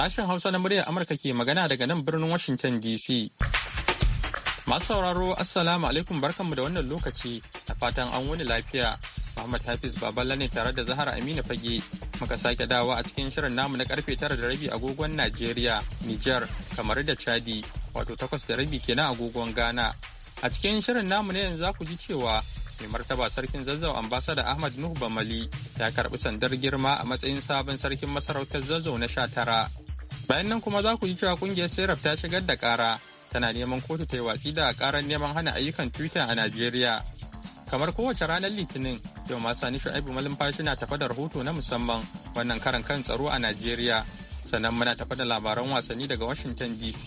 Sashen Hausa na muryar Amurka ke magana daga nan birnin Washington DC. Masu sauraro Assalamu alaikum barkanmu da wannan lokaci a fatan an wani lafiya. Muhammad Hafiz Baballa ne tare da Zahara Aminu Fage muka sake dawa a cikin shirin namu na karfe tara da rabi agogon Najeriya, Nijar, kamar da Chadi, wato takwas da rabi kenan agogon Ghana. A cikin shirin namu ne yanzu za ku ji cewa mai martaba sarkin zazzau ambasada Ahmad Nuhu Bamali ya karɓi sandar girma a matsayin sabon sarkin masarautar zazzau na sha tara. bayan nan kuma za ku ji cewa kungiyar serap ta shigar da kara tana neman kotu ta yi watsi da karar neman hana ayyukan twitter a najeriya kamar kowace ranar litinin yau ma sani shu'aibu malumfashi na tafa da rahoto na musamman wannan karan kan tsaro a najeriya sannan muna tafa da labaran wasanni daga washington dc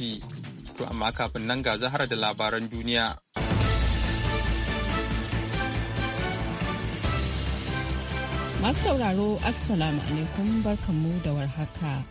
to amma kafin nan ga zahara da labaran duniya masu sauraro assalamu alaikum barkanmu da warhaka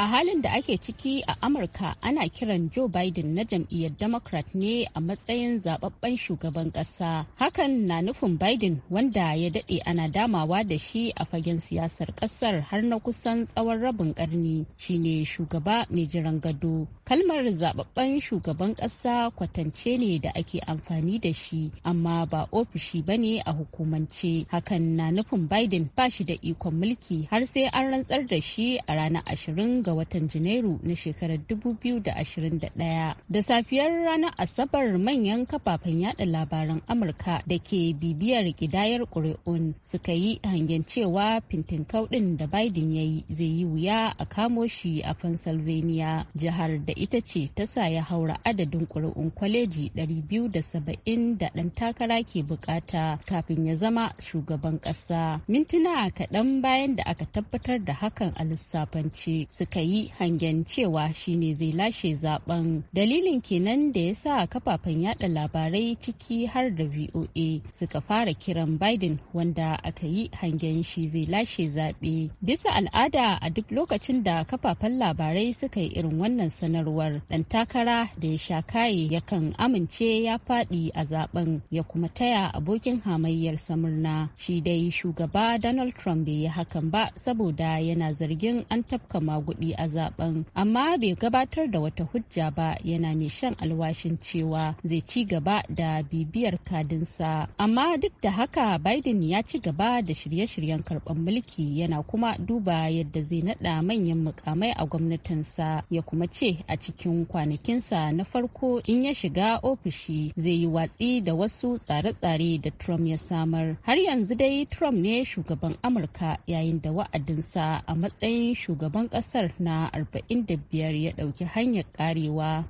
a halin da ake ciki a amurka ana kiran joe biden na jam'iyyar democrat ne a matsayin zababben shugaban ƙasa, hakan na nufin biden wanda ya dade ana damawa da shi a fagen siyasar ƙasar har na kusan tsawon rabin karni shine shugaba mai jiran gado kalmar zababben shugaban ƙasa kwatance ne da ake amfani da shi amma ba ofishi ba ne a hukumance hakan na nufin biden ba shi da ikon mulki har sai an rantsar da shi a ranar ashirin ga ga watan Janairu na shekarar 2021. Da safiyar ranar Asabar manyan kafafen yada labaran Amurka da ke bibiyar kidayar ƙuri'un suka yi hangen cewa fintin ɗin da Biden ya yi zai yi wuya a kamo shi a Pennsylvania, jihar da ita ce ta sa ya haura adadin ƙuri'un kwaleji 270 da ɗan takara ke bukata kafin ya zama shugaban ƙasa. Mintuna kaɗan bayan da aka tabbatar da hakan a lissafance suka suka yi hangen cewa shi ne zai lashe zaben dalilin kenan da ya sa kafafen yada labarai ciki har da voa suka fara kiran biden wanda aka yi hangen shi zai lashe zaɓe bisa al'ada a duk lokacin da kafafen labarai suka yi irin wannan sanarwar ɗan takara da ya sha kaye yakan amince ya faɗi a zaben ya kuma taya abokin hamayyar samurna shi dai shugaba donald trump bai yi hakan ba saboda yana zargin an tafka magudi. zaɓi a zaben amma bai gabatar da wata hujja ba yana mai shan alwashin cewa zai ci gaba da bibiyar kadinsa amma duk da haka biden ya ci gaba da shirye-shiryen karɓar mulki yana kuma duba yadda zai naɗa manyan mukamai a gwamnatinsa ya kuma ce a cikin kwanakinsa na farko in ya shiga ofishi zai yi watsi da wasu tsare-tsare da trump ya samar har yanzu dai trump ne shugaban amurka yayin da wa'adinsa a matsayin shugaban ƙasar arba'in na 45 ya ɗauki hanyar ƙarewa.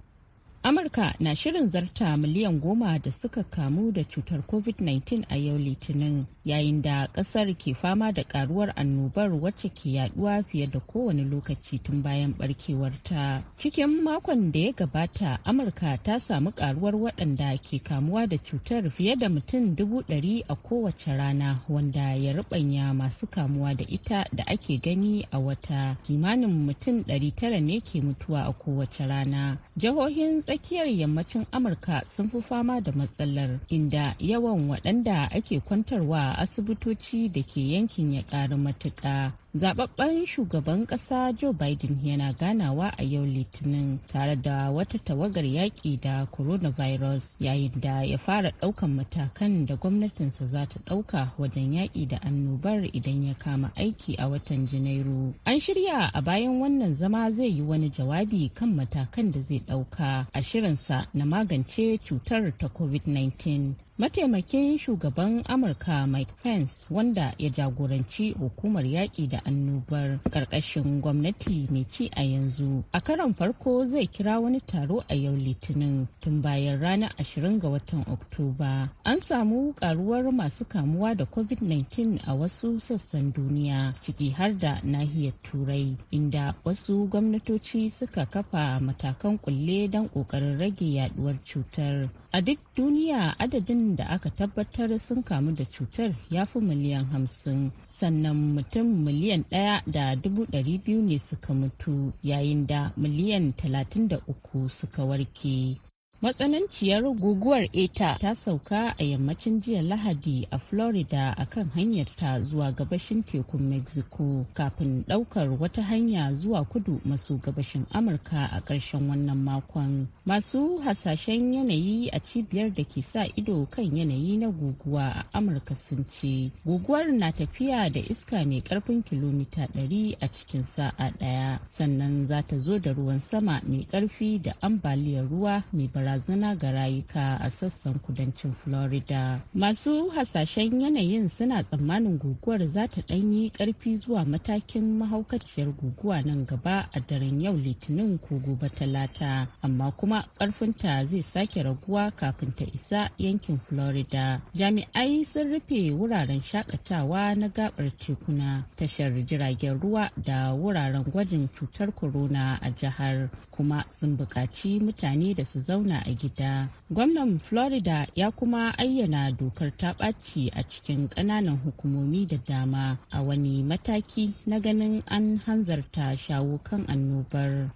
Amurka na shirin zarta miliyan goma da suka kamu da cutar COVID-19 a yau Litinin. yayin da kasar ke fama da karuwar annobar wacce ke yaduwa fiye da kowane lokaci tun bayan barkewarta cikin makon da ya gabata amurka ta samu karuwar waɗanda ke kamuwa da cutar fiye da mutum dubu ɗari a kowace rana wanda ya rubanya masu kamuwa da ita da ake gani a wata kimanin mutum ɗari tara ne ke mutuwa a kowace rana jihohin tsakiyar yammacin amurka sun fi fama da matsalar inda yawan waɗanda ake kwantarwa a asibitoci da ke yankin ya ƙaru matuƙa. zaɓaɓɓen shugaban ƙasa Joe Biden yana ganawa a yau Litinin tare da wata tawagar yaƙi da coronavirus yayin da ya fara ɗaukan matakan da gwamnatinsa za ta ɗauka wajen yaƙi da annobar idan ya kama aiki a watan Janairu. An shirya a bayan wannan zama zai yi wani jawabi kan matakan da zai ɗauka a shirinsa na magance cutar ta COVID-19. mataimakin shugaban amurka mike pence wanda ya jagoranci hukumar yaƙi da annobar ƙarƙashin gwamnati mai ci a yanzu a karon farko zai kira wani taro a yau litinin tun bayan ranar 20 ga watan oktoba an samu karuwar masu kamuwa da covid-19 a wasu sassan duniya ciki har da nahiyar turai inda wasu gwamnatoci suka kafa matakan kulle don ƙoƙarin rage yaduwar cutar a duk duniya adadin da aka tabbatar sun kamu da cutar ya fi miliyan hamsin sannan mutum miliyan ɗaya da dubu ɗari biyu ne suka mutu yayin da miliyan talatin da uku suka warke matsananciyar guguwar eta ta sauka a yammacin jiya lahadi a florida akan hanyar ta zuwa gabashin tekun mexico kafin daukar wata hanya zuwa kudu maso gabashin amurka a ƙarshen wannan makon masu hasashen yanayi a cibiyar da ke sa ido kan yanayi na guguwa a amurka sun ce guguwar na tafiya da iska mai karfin kilomita 100 a cikin sa'a daya sannan za ta zo da ruwan sama mai karfi da ambaliyar ruwa mai bara barazana ga rayuka a sassan kudancin Florida. Masu hasashen yanayin suna tsammanin guguwar za ta ɗanyi ƙarfi zuwa matakin mahaukaciyar guguwa nan gaba a daren yau litinin ko gobe talata, amma kuma ƙarfinta zai sake raguwa kafin ta isa yankin Florida. Jami'ai sun rufe wuraren shakatawa na gabar tekuna, tashar jiragen ruwa da wuraren gwajin cutar corona a jihar kuma sun buƙaci mutane da su zauna a gida. Gwamnan Florida ya kuma ayyana dokar ta ɓaci a cikin ƙananan hukumomi da dama a wani mataki na ganin an hanzarta shawo kan annobar.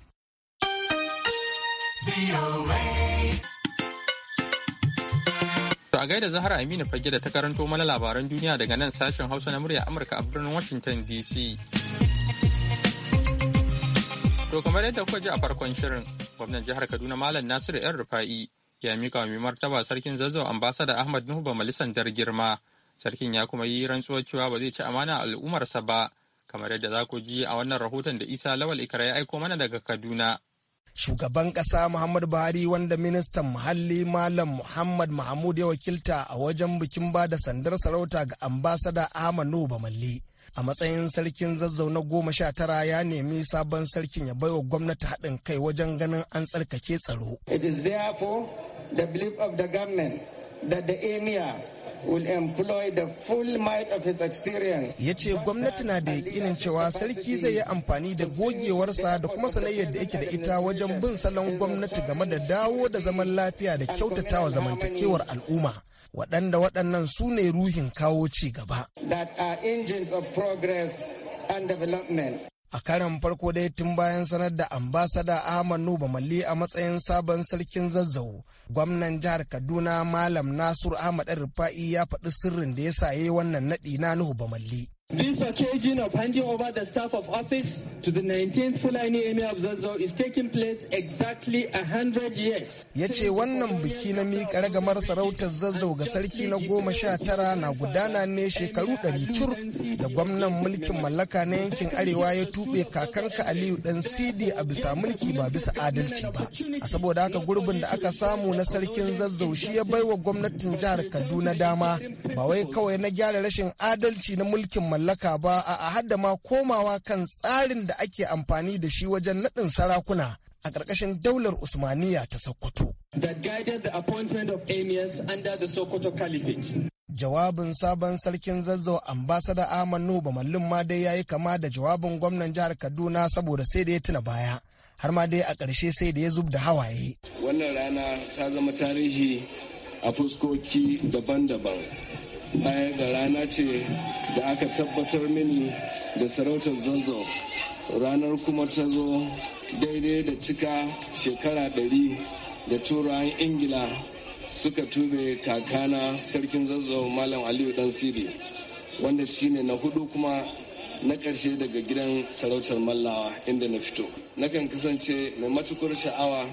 To a gaida zahra Aminu fage da ta karanto mana labaran duniya daga nan sashen Hausa na murya Amurka a birnin Washington DC. To kamar yadda kuka ji a farkon shirin, gwamnan jihar Kaduna Malam Nasiru ‘yan rufa'i ya mika mai martaba sarkin zazzau ambasada Ahmad Nuhu ba sandar girma. Sarkin ya kuma yi rantsuwar cewa ba zai ci amana al'ummarsa ba, kamar yadda za ku ji a wannan rahoton da Isa Lawal Ikra ya aiko mana daga Kaduna. shugaban ƙasa Muhammadu Buhari wanda ministan muhalli Malam Muhammad Mahmud ya wakilta a wajen bikin ba da sandar sarauta ga ambasada Ahmad Nuhu Bamalli a matsayin sarkin zazzau na goma sha tara ya nemi sabon sarkin ya baiwa gwamnati haɗin kai wajen ganin an tsarkake tsaro. It is therefore the belief of the government that the emir will employ the full might of his experience. Ya ce gwamnati na da yakinin cewa sarki zai yi amfani da gogewarsa da kuma sanayyar da yake da ita wajen bin salon gwamnati game da dawo da zaman lafiya da kyautatawa zamantakewar al'umma. waɗanda waɗannan su ne ruhin kawo ci gaba. A karan farko dai tun bayan sanar da ambasada Ahmad Nuba Malli a matsayin sabon sarkin zazzau, gwamnan jihar Kaduna Malam Nasur Ahmad Rufa'i ya faɗi sirrin da ya saye wannan naɗi na Nuhu Bamalli. This occasion of handing over the staff of office to the 19th Fulani Emir of Zazzau is taking place exactly 100 years. Ya ce wannan biki na miƙa ragamar sarautar Zazzau ga sarki na goma sha tara na gudana ne shekaru ɗari cur da gwamnan mulkin mallaka na yankin Arewa ya tuɓe kakanka Aliyu ɗan Sidi a bisa mulki ba bisa adalci ba. A saboda haka gurbin da aka samu na sarkin Zazzau shi ya baiwa gwamnatin jihar Kaduna dama ba wai kawai na gyara rashin adalci na mulkin mallaka ba a hadda ma komawa kan tsarin da ake amfani da shi wajen naɗin sarakuna a ƙarƙashin daular Usmaniya ta Sokoto. of emirs under Sokoto Caliphate. Jawabin sabon sarkin zazzau ambasada Nuba mallum ma dai ya yi kama da jawabin gwamnan jihar Kaduna saboda sai da ya tuna baya. Har ma dai a ƙarshe sai da ya zub da hawaye. Wannan rana ta zama tarihi a fuskoki daban-daban. Bayan ga rana ce da aka tabbatar mini da sarautar zazzau ranar kuma ta zo daidai da cika shekara ɗari da turawan ingila suka tube kakana sarkin zazzau malam aliyu dan sidi wanda shine na hudu kuma na ƙarshe daga gidan sarautar mallawa inda na fito nakan kasance mai matukar sha'awa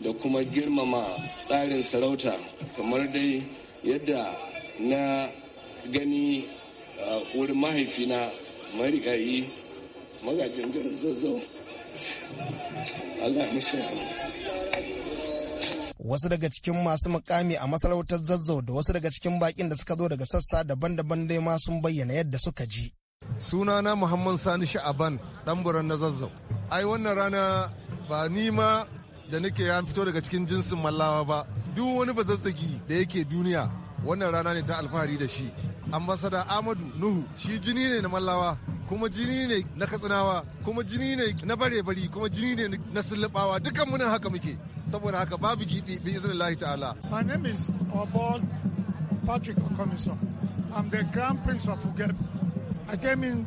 da kuma girmama tsarin sarauta kamar dai yadda na gani wurin mahaifina marigayi magajin garin zazzau Allah wasu daga cikin masu mukami a masarautar zazzau da wasu daga cikin bakin da suka zo daga sassa daban-daban dai ma sun bayyana yadda suka ji sunana muhammad sani sha'aban ɗanburan na zazzau ai wannan rana ba ni ma da nake ya fito daga cikin jinsin mallawa ba duk wani bazazzagi da yake duniya wannan rana ne ta alfahari da shi ambasada amadu nuhu shi jini ne na mallawa kuma jini ne na katsinawa kuma jini ne na bare-bari kuma jini ne na sullubawa dukan munin haka muke saboda haka babu gibi bi iznillahi ta'ala my name is obol patrick okomiso i'm the grand prince of ugeb i came in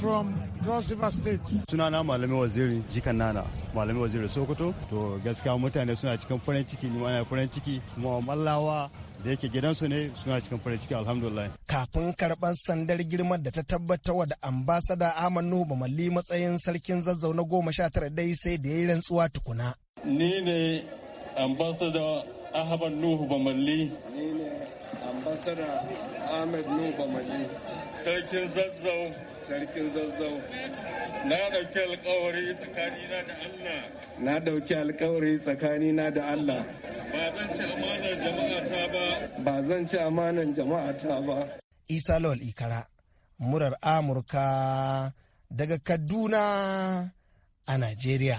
from Cross River State. Sunana Malami Waziri Jikan Nana, Malami Waziri Sokoto. To gaskiya mutane suna cikin farin ciki, ni ana farin ciki, kuma mallawa da yake gidansu ne suna cikin farin ciki alhamdulillah kafin karɓar sandar girma da ta tabbata wa da ambasada Ahmad Nuhu Bamalli matsayin sarkin zazzau na goma sha tara dai sai da yayi rantsuwa tukuna ni ne ambasada Ahmad Nuhu Bamalli ni ne ambasada Ahmad Nuhu Bamalli sarkin zazzau sarkin zazzau na dauki alkawari tsakanina da Allah na dauki alkawari tsakanina da Allah Ba zan ci amanar jama'a ta ba. Ba Isa Lawal Ikara, murar Amurka daga Kaduna a Najeriya.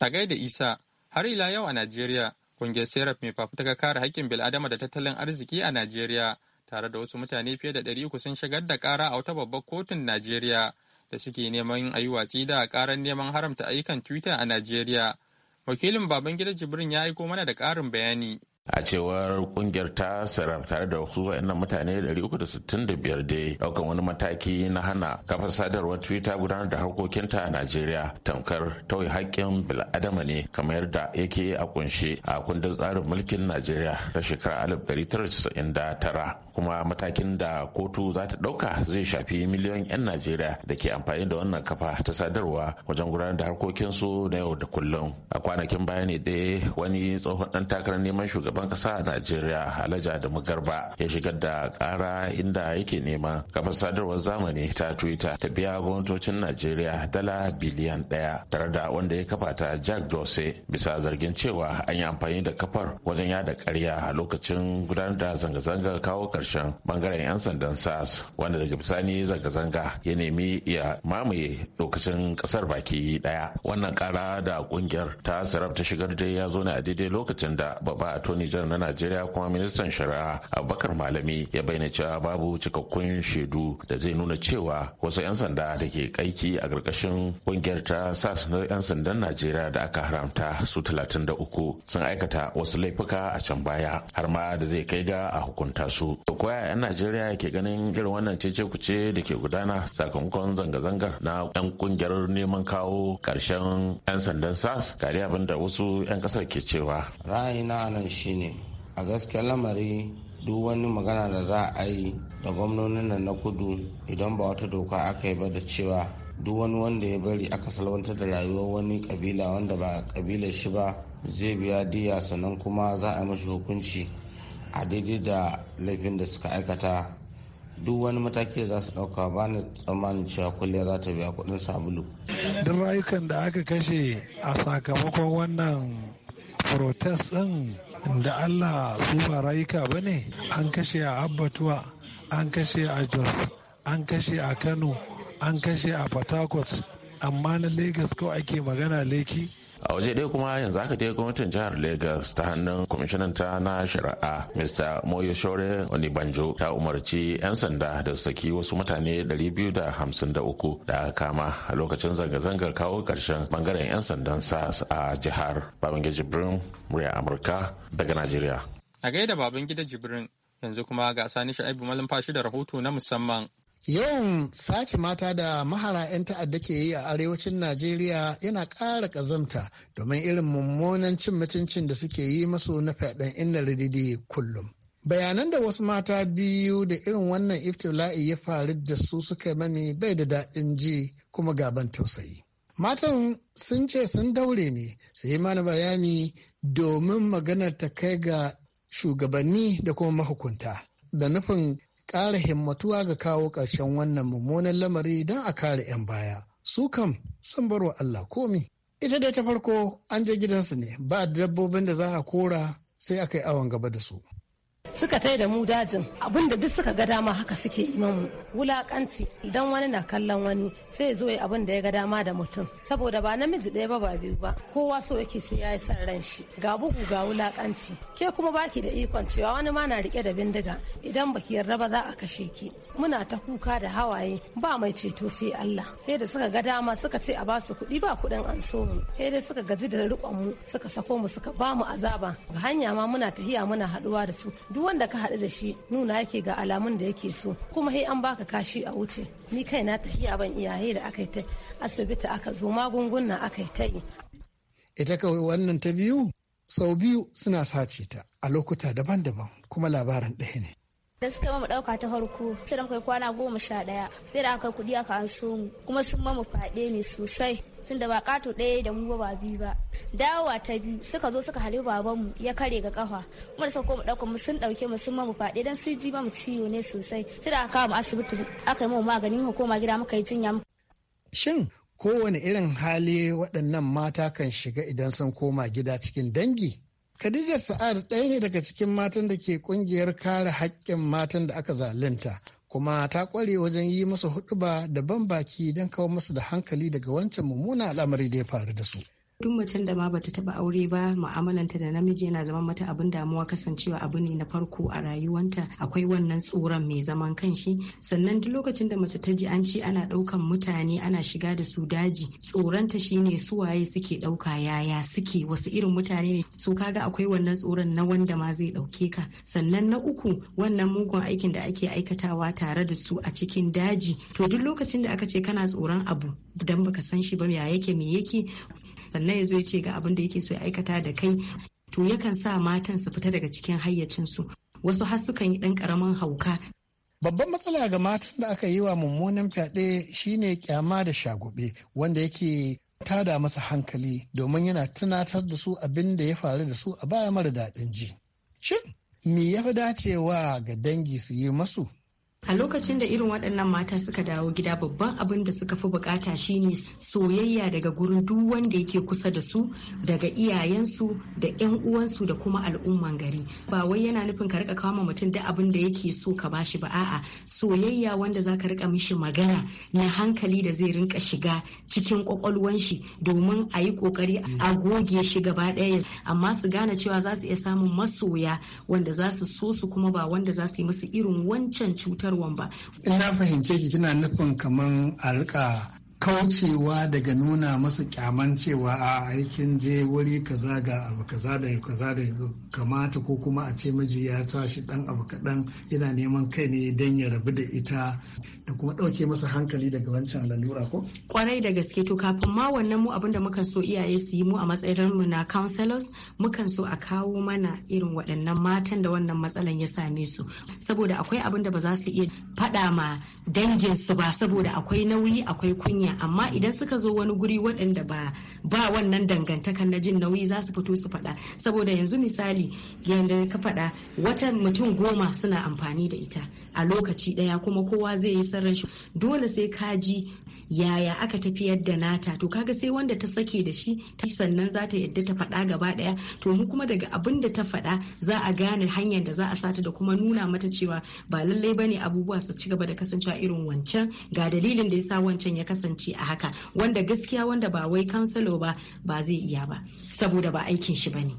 A gaida Isa, har ila yau a Najeriya, ƙungiyar Serap mai fafutuka kare haƙƙin bil'adama da tattalin arziki a Najeriya, tare da wasu mutane fiye da ɗari uku sun shigar da ƙara a wata babbar kotun Najeriya da suke neman a yi watsi da ƙarar neman haramta ayyukan Twitter a Najeriya Wakilin Babangida Jibrin ya aiko mana da ƙarin bayani. a cewar kungiyar ta tare da wasu wa'annan mutane 365 dai daukan wani mataki na hana Kafa sadarwar twitter gudanar da harkokinta a najeriya tamkar tauye haƙƙin bil'adama ne kamar yadda yake a kunshe a kundin tsarin mulkin najeriya ta shekarar 1999 kuma matakin da kotu za ta dauka zai shafi miliyan 'yan najeriya da ke amfani da wannan kafa ta sadarwa wajen gudanar da harkokinsu na yau da kullum a kwanakin baya ne dai wani tsohon ɗan takarar neman shugaban shugaban kasa a najeriya alhaji adamu garba ya shigar da kara inda yake nema kafar sadarwar zamani ta twitter ta biya gwamnatocin najeriya dala biliyan ɗaya. tare da wanda ya kafa ta jack dorsey bisa zargin cewa an yi amfani da kafar wajen yada karya a lokacin gudanar da zanga zanga kawo karshen bangaren 'yan sandan sas wanda daga bisani zanga-zanga ya nemi ya mamaye lokacin kasar baki daya wannan ƙara da ƙungiyar ta sarrafa shigar da ya zo ne a daidai lokacin da baba Tony Nijar na Najeriya kuma ministan shari'a Abubakar Malami ya bayyana cewa babu cikakkun shaidu da zai nuna cewa wasu 'yan sanda da ke aiki a ƙarƙashin ƙungiyar ta na 'yan sandan Najeriya da aka haramta su 33 sun aikata wasu laifuka a can baya har ma da zai kai ga a hukunta su. ko koya 'yan Najeriya ke ganin irin wannan cece kuce da ke gudana sakamakon zanga-zangar na 'yan ƙungiyar neman kawo ƙarshen 'yan sandan SAS ga abin da wasu 'yan ƙasar ke cewa. Ra'ayina nan ne a gaskiya lamari duk wani magana da za a yi da gwamnonin nan na kudu idan ba wata doka aka yi ba da cewa duk wani wanda ya bari aka salwantar da rayuwar wani kabila wanda ba kabilar shi ba zai biya diya sannan kuma za a mashi hukunci a daidai da laifin da suka aikata duk wani mataki da za su dauka ba na tsammanin cewa kulle za ta biya kudin sabulu duk rayukan da aka kashe a sakamakon wannan protest din da allah su ba rayuka ba ne an kashe a abbatuwa an kashe a jos an kashe a kano an kashe a port amma na Legas ko ake magana leki a waje ɗaya kuma yanzu aka je gwamnatin jihar lagos ta hannun kwamishinan ta na shari'a mr moyo shore banjo ta umarci 'yan sanda da su saki wasu mutane 253 da aka kama a lokacin zanga-zangar kawo ƙarshen bangaren 'yan sandan sas a jihar babangida jibrin murya amurka daga najeriya a gaida babangida jibrin yanzu kuma ga sani sha'ibu malumfashi da rahoto na musamman Yawan sace mata da mahara 'yan ta'adda ke yi a arewacin Najeriya yana ƙara ƙazamta domin irin mummunan cin mutuncin da suke yi masu na fyaɗen inna rididi kullum. Bayanan da wasu mata biyu da irin wannan iftila'i ya faru da su suka mani bai da daɗin ji kuma gaban tausayi. Matan sun ce sun daure ne su yi mana bayani domin maganar ta kai ga shugabanni da kuma mahukunta da nufin ƙara himmatuwa ga kawo ƙarshen wannan mummunan lamari don a kare 'yan baya. Su kam sun bar wa Allah komi. Ita dai ta farko an je gidansu ne ba dabbobin da za a kora sai aka yi awon gaba da su. suka tai da mu dajin abinda duk suka ga dama haka suke yi mamu wulakanci idan wani na kallon wani sai zo yi abin da ya ga dama da mutum saboda ba namiji ɗaya ba ba biyu ba kowa so yake sai ya yi san ran shi ga bugu ga wulakanci ke kuma baki da ikon cewa wani ma na rike da bindiga idan baki yarda ba za a kashe ki muna ta kuka da hawaye ba mai ceto sai Allah sai da suka ga dama suka ce a ba su kuɗi ba kuɗin an so mu sai da suka gaji da riƙon mu suka sako mu suka ba mu azaba ga hanya ma muna tahiya muna haɗuwa da su duk wanda ka haɗu da shi nuna yake ga alamun da yake so kuma he an baka kashi a wuce ni kai na tahiya ban iyaye da aka yi ta asibiti aka zo magunguna aka yi ta yi ita kawai wannan ta biyu sau biyu suna sace ta a lokuta daban-daban kuma labarin ɗaya ne da suka mamu ɗauka ta farko sai da kai kwana goma sha daya sai da aka kuɗi aka an mu kuma sun mamu fade ne sosai tunda ba kato daya da mu ba ba biyu ba dawowa ta biyu suka zo suka hali babanmu ya kare ga kafa kuma da suka mu ɗauka mu sun ɗauke mu sun mamu faɗe dan sai ji mamu ciwo ne sosai sai da aka mu asibiti aka yi mu maganin hukuma gida muka yi jinya. shin kowane irin hali waɗannan mata kan shiga idan sun koma gida cikin dangi Khadija Sa'ad ɗaya ne daga cikin matan da ke kungiyar kare haƙƙin matan da aka zalunta kuma ta ƙware wajen yi musu huɗuba da ban baki don kawo musu da hankali daga wancan mummuna al'amari da ya faru da su. duk macen da ma bata taba aure ba mu'amalanta da namiji yana zama mata abin damuwa kasancewa abu ne na farko a rayuwanta akwai wannan tsoron mai zaman kanshi sannan duk lokacin da mace ta ji an ce ana daukan mutane ana shiga da su daji tsoronta shine suwaye suke dauka yaya suke wasu irin mutane ne su kaga akwai wannan tsoron na wanda ma zai dauke ka sannan na uku wannan mugun aikin da ake aikatawa tare da su a cikin daji to duk lokacin da aka ce kana tsoron abu dan baka san shi ba ya yake me yake sannan ya zo ya ce ga abin da yake so ya aikata da kai to yakan sa matan su fita daga cikin hayyacinsu wasu har sukan yi ɗan ƙaramin hauka Babban matsala ga matan da aka yi wa mummunan fyaɗe shine kyama da shagube wanda yake tada masa hankali domin yana tunatar da su abin da ya faru da su a baya mara daɗin ji. Shin, me ya fi dacewa ga dangi su yi masu A lokacin da irin waɗannan mata suka dawo gida babban abin da suka fi bukata shine soyayya daga gurin duk wanda yake kusa da su daga iyayensu da 'yan uwansu da kuma al'umman gari. Ba wai yana nufin ka rika kama mutum da abin da yake so ka bashi ba a'a soyayya wanda za ka rika mishi magana na hankali da zai rinka shiga cikin ƙwaƙwalwan shi domin a yi kokari a goge shi gaba ɗaya amma su gane cewa za su iya samun masoya wanda za su so su kuma ba wanda za su yi musu irin wancan cutar cutarwan ba. Ina fahimce ki kina nufin kaman a rika kaucewa daga nuna masa kyaman cewa a aikin je wuri kaza ga abu kaza da kaza da kamata ko kuma a ce miji ya tashi dan abu kaɗan yana neman kai ne don ya rabu da ita da kuma ɗauke masa hankali daga wancan lalura ko? Kwarai da gaske to kafin ma wannan mu abinda mukan so iyaye su yi mu a matsayin mu na counselors mukan so a kawo mana irin waɗannan matan da wannan matsalan ya same su saboda akwai abin ba za su iya faɗa ma danginsu ba saboda akwai nauyi akwai kunya hanya amma idan suka zo wani guri waɗanda ba ba wannan dangantakan na jin nauyi za su fito su faɗa saboda yanzu misali yadda ka faɗa watan mutum goma suna amfani da ita a lokaci ɗaya kuma kowa zai yi sarran shi dole sai ka ji yaya aka tafiyar da nata to kaga sai wanda ta sake da shi sannan za ta yadda ta faɗa gaba ɗaya to mu kuma daga abin da ta faɗa za a gane hanyar da za a sata da kuma nuna mata cewa ba lallai bane abubuwa su ci gaba da kasancewa irin wancan ga dalilin da yasa wancan ya kasance a haka wanda gaskiya wanda ba wai kansalo ba ba zai iya ba saboda ba aikin shi bane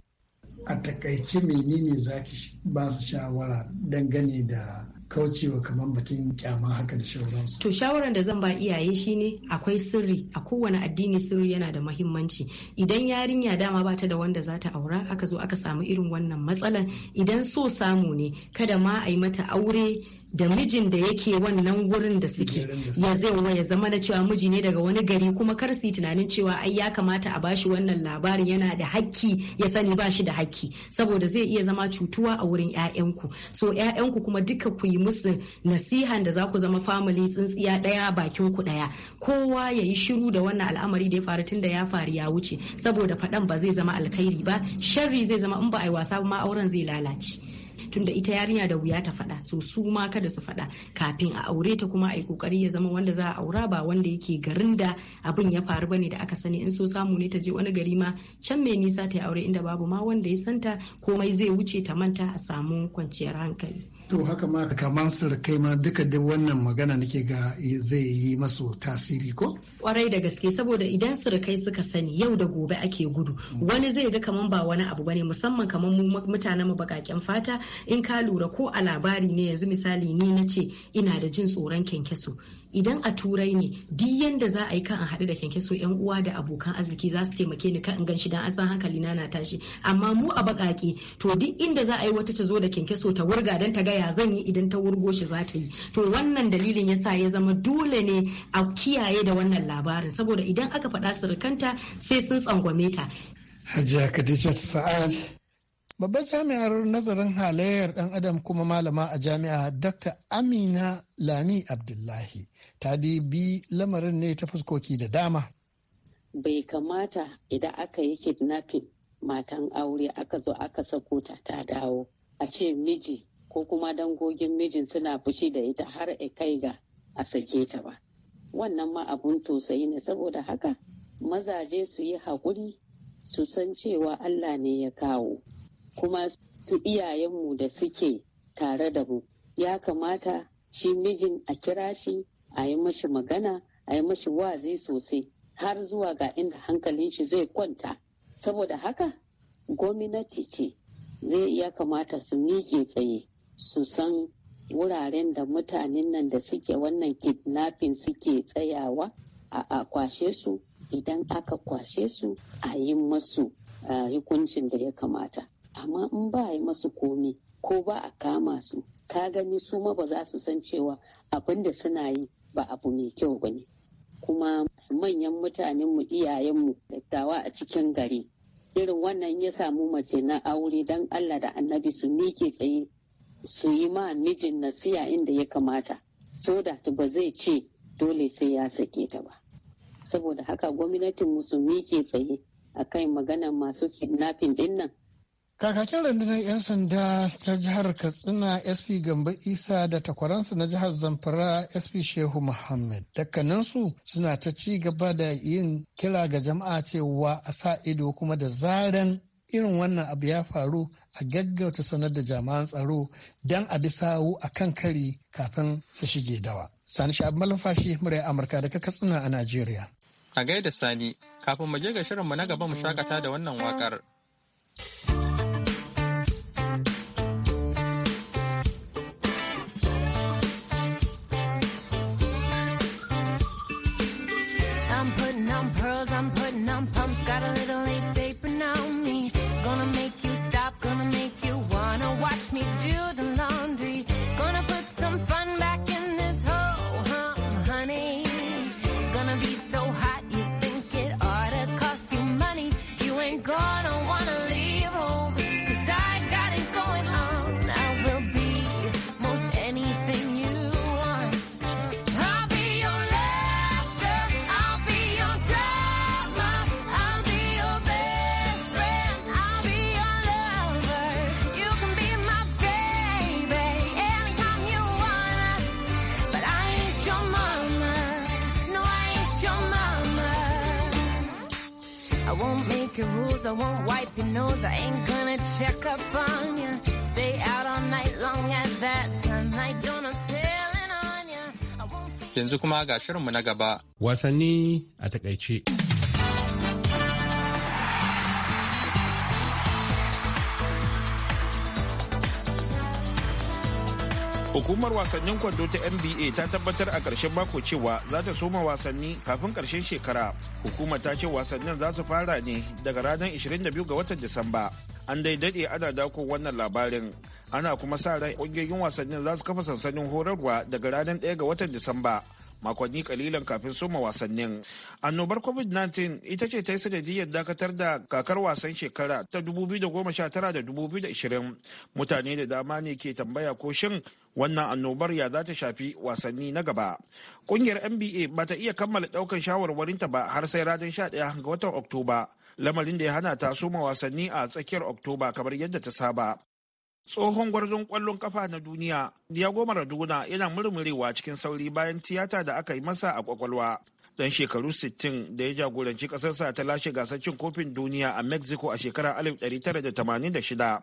a takaice menene zaki ba su shawara dangane da kaucewa kamar batun kyama haka da shauransu. To shawaran da zan ba iyaye shine akwai sirri a kowane addini sirri yana da mahimmanci idan yarinya dama bata da wanda za ta aura aka zo aka samu irin wannan matsalan idan so samu ne kada ma a yi mata aure da mijin da yake wannan wurin da suke ya zai ya zama da cewa miji ne daga wani gari kuma kar su tunanin cewa ai ya kamata a bashi wannan labarin yana da hakki ya sani ba shi da hakki saboda zai iya zama cutuwa a wurin 'ya'yanku so 'ya'yanku kuma duka ku yi musu nasihan da za ku zama family tsintsiya daya bakin ku daya kowa ya yi shiru da wannan al'amari da ya faru tun da ya faru ya wuce saboda faɗan ba zai zama alkhairi ba sharri zai zama in ba a yi wasa ma auren zai lalace tunda ita yarinya da wuya ta faɗa so su ma kada su faɗa kafin a aure ta kuma a yi kokari ya zama wanda za a aura ba wanda yake garin da abin ya faru bane da aka sani in so samu ne ta je wani gari ma can mai nisa ta yi aure inda babu ma wanda ya santa komai zai wuce ta manta a samu kwanciyar hankali. to haka ma kaman surukai ma duka da wannan magana nake ga zai yi masu tasiri ko kwarai da gaske saboda idan kai suka sani yau da gobe ake gudu mm. wani zai ga kaman ba wani abu bane musamman kaman mu mutanen mu bakaken fata in ka lura ko a labari ne yanzu misali ni na ce ina da jin tsoron kyankyaso idan a turai ne duk yanda za a yi kan a haɗu da kyankyaso yan uwa da abokan arziki za su taimake ni kan in ganshi dan san hankali na na tashi amma mu a baƙaƙe, to duk inda za a yi wata ta zo da kyankyaso ta wurga dan ta gaya zan yi idan ta wurgo shi za ta yi to wannan dalilin ya sa ya zama dole ne a kiyaye da wannan labarin saboda idan aka faɗa surukanta sai sun tsangwame ta Hajiya Khadijat Sa'ad Babbar jami'ar nazarin halayyar Dan adam kuma malama a jami'a Dr. Amina Lami Abdullahi ta bi lamarin ne ta fuskoki da dama. Bai kamata idan aka yi kidnapping matan aure aka zo aka sako ta ta dawo a ce miji ko kuma dangogin mijin suna fushi da ita har a kai ga a sake ta ba. Wannan ma abun tosai ne saboda haka mazaje su yi haƙuri su san cewa Allah ne ya kawo. kuma su iyayenmu da suke tare da mu ya kamata shi mijin a kira shi a yi mashi magana a yi mashi wazi sosai har zuwa ga inda hankalin shi zai kwanta saboda haka gwamnati ce zai ya kamata su miƙe tsaye su san wuraren da mutanen nan da suke wannan kidnapping suke tsayawa a kwashe su idan aka kwashe su a yi masu eh, hukuncin da ya kamata amma in ba a yi masu komi ko ba a kama su ka gani su ma ba za su san cewa abin da suna yi ba abu mai kyau ba ne kuma manyan mutanenmu iyayenmu dattawa a cikin gari irin wannan ya samu mace na aure don allah da annabi su mike tsaye su yi ma mijin nasiya inda ya kamata so da ba zai ce dole sai ya sake ta ba saboda haka gwamnatin su miƙe tsaye akan maganar masu kidnapping din nan Kakakin rundunar 'yan sanda ta jihar Katsina SP Gamba Isa da takwaransa na jihar Zamfara SP Shehu Muhammad. Dukkaninsu suna ta ci gaba da yin kira ga jama'a cewa a sa ido kuma da zaren irin wannan abu ya faru a gaggauta sanar da jama'an tsaro don a bi sawu a kan kari kafin su shige dawa. Sani Shahab Malumfashi, murai Amurka daga Katsina a Najeriya. A gaida Sani, kafin mu je ga shirinmu na gaba mu shakata da wannan waƙar. got a little I won't wipe your nose. I ain't gonna check up on you. Stay out all night long as that sunlight don't I'm telling on you. Yanzu kuma ga shirinmu na gaba. Wasanni a takaice. Hukumar wasannin kwando ta NBA ta tabbatar a ƙarshen mako cewa za ta soma wasanni kafin ƙarshen shekara. hukuma ta ce wasannin za su fara ne daga ranar 22 ga watan Disamba. An daidaɗe ana dako wannan labarin. Ana kuma sa ran ƙungiyoyin wasannin za su kafa sansanin horarwa daga ranar 1 ga watan Disamba makonni kalilan kafin soma wasannin annobar covid-19 ita ce ta yi sanadiyar dakatar da kakar wasan shekara ta 2019 da 2020 mutane da dama ne ke tambaya ko shin wannan annobar ya za ta shafi wasanni na gaba kungiyar nba ba ta iya kammala daukan shawarwarinta ba har sai ranar 11 ga watan oktoba lamarin da ya hana ta soma wasanni a tsakiyar oktoba kamar yadda ta saba tsohon gwarzon kwallon kafa na duniya goma maradona yana murmurewa cikin sauri bayan tiyata da aka yi masa a kwakwalwa dan shekaru 60 da ya jagoranci kasarsa ta lashe gasar cin kofin duniya a mexico a shekarar 1986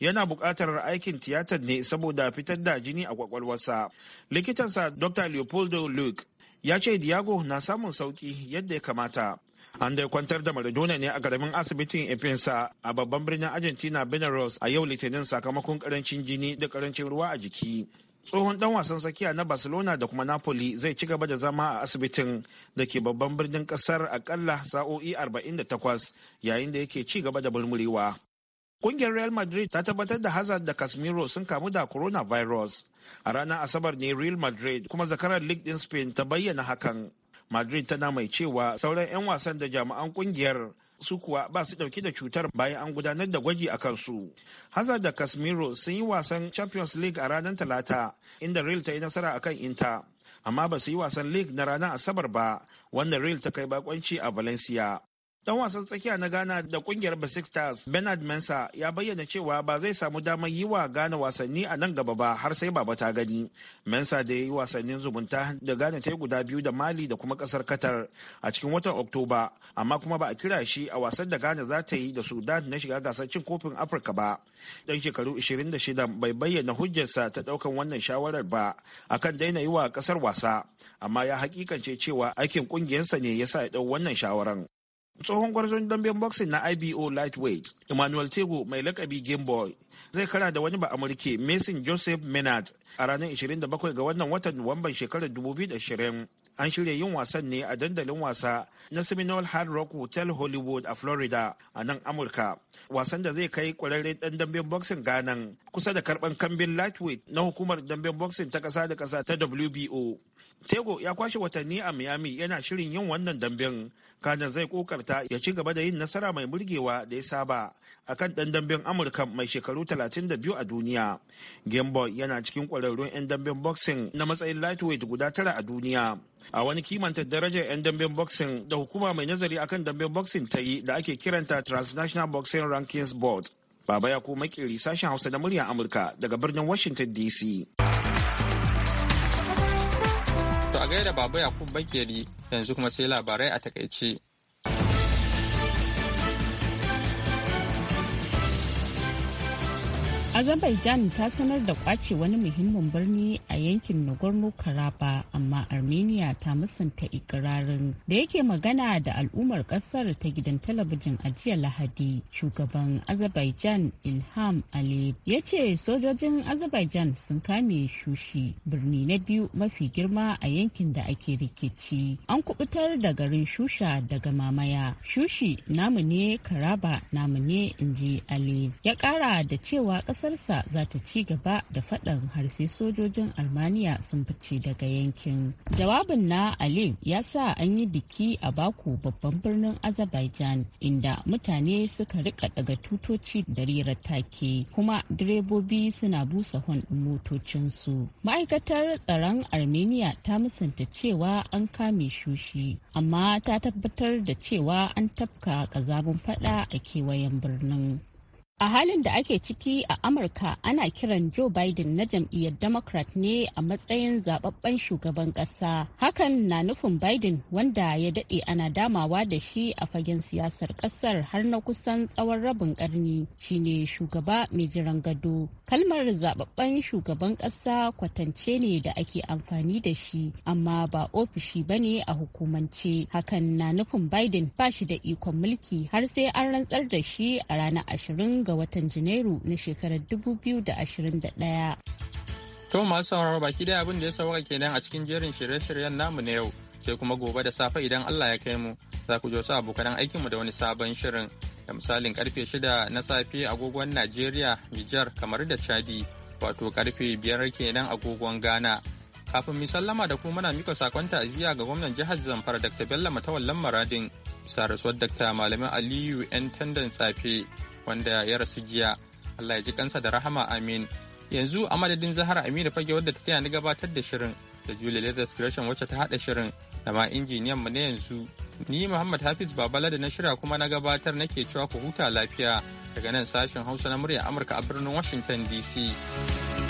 yana buƙatar aikin tiyatar ne saboda fitar da jini a kwakwalwarsa likitansa dr leopoldo luke ya ce diago na samun sauki yadda ya kamata an dai kwantar da maradona ne a garamin asibitin efinsa a babban birnin argentina benaros a yau litinin sakamakon karancin jini da karancin ruwa a jiki tsohon dan wasan tsakiya na barcelona da kuma napoli zai ci gaba da zama a asibitin da ke babban birnin kasar akalla sa'o'i 48 yayin da yake ci gaba da murmurewa Kungiyar Real Madrid ta tabbatar da Hazard da Casemiro sun kamu da coronavirus. A ranar Asabar ne Real Madrid kuma zakarar League din Spain ta bayyana hakan. Madrid tana mai cewa sauran 'yan wasan da jami'an kungiyar su kuwa ba su dauki da cutar bayan an gudanar da gwaji a kansu. Hazard da Casemiro sun yi wasan Champions League a ranar Talata inda Real ta yi nasara akan Inter. Amma ba su yi wasan League na ranar Asabar ba wanda Real ta kai bakonci a Valencia. Dan wasan tsakiya na Ghana da kungiyar Basic Stars Bernard Mensa ya bayyana cewa ba zai samu damar yi wa Ghana wasanni a nan gaba ba har sai baba ta gani. mensa da ya yi wasannin zumunta da Ghana ta yi guda biyu da Mali da kuma kasar Qatar a cikin watan Oktoba amma kuma ba a kira shi a wasan da Ghana za ta yi da Sudan na shiga gasar cin kofin Afirka ba. Dan shekaru 26 bai bayyana hujjarsa ta daukan wannan shawarar ba akan daina yi wa kasar wasa amma ya hakikance cewa aikin kungiyarsa ne ya sa ya dau wannan shawaran. tsohon gwarzon damben boxing na ibo lightweight emmanuel tego mai lakabi game boy zai kara da wani ba amurke mason joseph menard a ranar 27 ga wannan watan nuwamban shekarar 2020 an shirya yin wasan ne a dandalin wasa na seminole hard rock hotel hollywood a florida a nan amurka wasan da zai kai kwararren dan damben boxing ganan kusa da karban kambin lightweight na hukumar damben boxing ta kasa da kasa ta wbo Tego ya kwashe watanni a Miami yana shirin yin wannan damben, kanan zai kokarta ya ci gaba da yin nasara mai burgewa da ya saba a kan ɗan damben Amurka mai shekaru 32 a duniya. Game yana cikin ƙwararrun 'yan damben boxing na matsayin lightweight guda tara a duniya. A wani kimanta darajar 'yan damben boxing da hukuma mai nazari akan damben boxing ta yi da ake kiranta Transnational Boxing Rankings Board. Baba ya ko makeri sashen Hausa da muryar Amurka daga birnin Washington DC. A da Baba Yakubu Bakeri yanzu kuma sai labarai a takaice. azerbaijan ta sanar da kwace wani muhimmin birni a yankin nagorno karaba amma armenia ta musanta ikirarin da yake magana da al'ummar kasar ta gidan talabijin a jiya lahadi shugaban azerbaijan ilham aliyev ya ce sojojin azerbaijan sun kame shushi birni na biyu mafi girma a yankin da ake rikici an kubutar da garin shusha daga mamaya shushi namu ne karaba namu ne ji aliyev ya kara da cewa kasar ƙasarsa za ta ci gaba da faɗan har sai sojojin almaniya sun fice daga yankin jawabin na ali ya sa an yi biki a baku babban birnin azerbaijan inda mutane suka rika daga tutoci da rirar take kuma direbobi suna busa hon motocinsu ma'aikatar tsaron armenia ta musanta cewa an kame shushi amma ta tabbatar da cewa an tafka kazamin fada a kewayen birnin A halin da ake ciki a Amurka ana kiran Joe Biden na jam'iyyar Democrat ne a matsayin zababben shugaban ƙasa. Hakan na nufin Biden wanda ya daɗe ana damawa da shi a fagen siyasar ƙasar har na kusan tsawon rabin ƙarni shine shugaba mai jiran gado. Kalmar zababben shugaban ƙasa kwatance ne da ake amfani da shi amma ba ofishi ba ne a hukumance. Hakan na nufin Biden ba shi da ikon mulki har sai an rantsar da shi a ranar ashirin ga watan Janairu na shekarar 2021. To masu sauraro baki da abin da ya sauka kenan a cikin jerin shirye-shiryen namu na yau sai kuma gobe da safe idan Allah ya kai mu za ku su abokan aikinmu da wani sabon shirin da misalin karfe 6 na safe agogon Najeriya, Nijar, kamar da Chadi wato karfe 5 kenan agogon Ghana. Kafin mu sallama da kuma muna mika sakon ta'aziyya ga gwamnan jihar Zamfara Dr. Bello Matawallan Maradin, bisa rasuwar Dr. Malamin Aliyu 'yan tandan tsafe wanda ya rasu jiya Allah ya ji kansa da rahama amin yanzu a madadin zahara aminu fage wadda ta taya ni gabatar da shirin da julie leathers creation wacce ta hada shirin da ma injiniyan mu na yanzu ni muhammad hafiz babala da na shirya kuma na gabatar nake cewa ku huta lafiya daga nan sashen hausa na murya amurka a birnin washington dc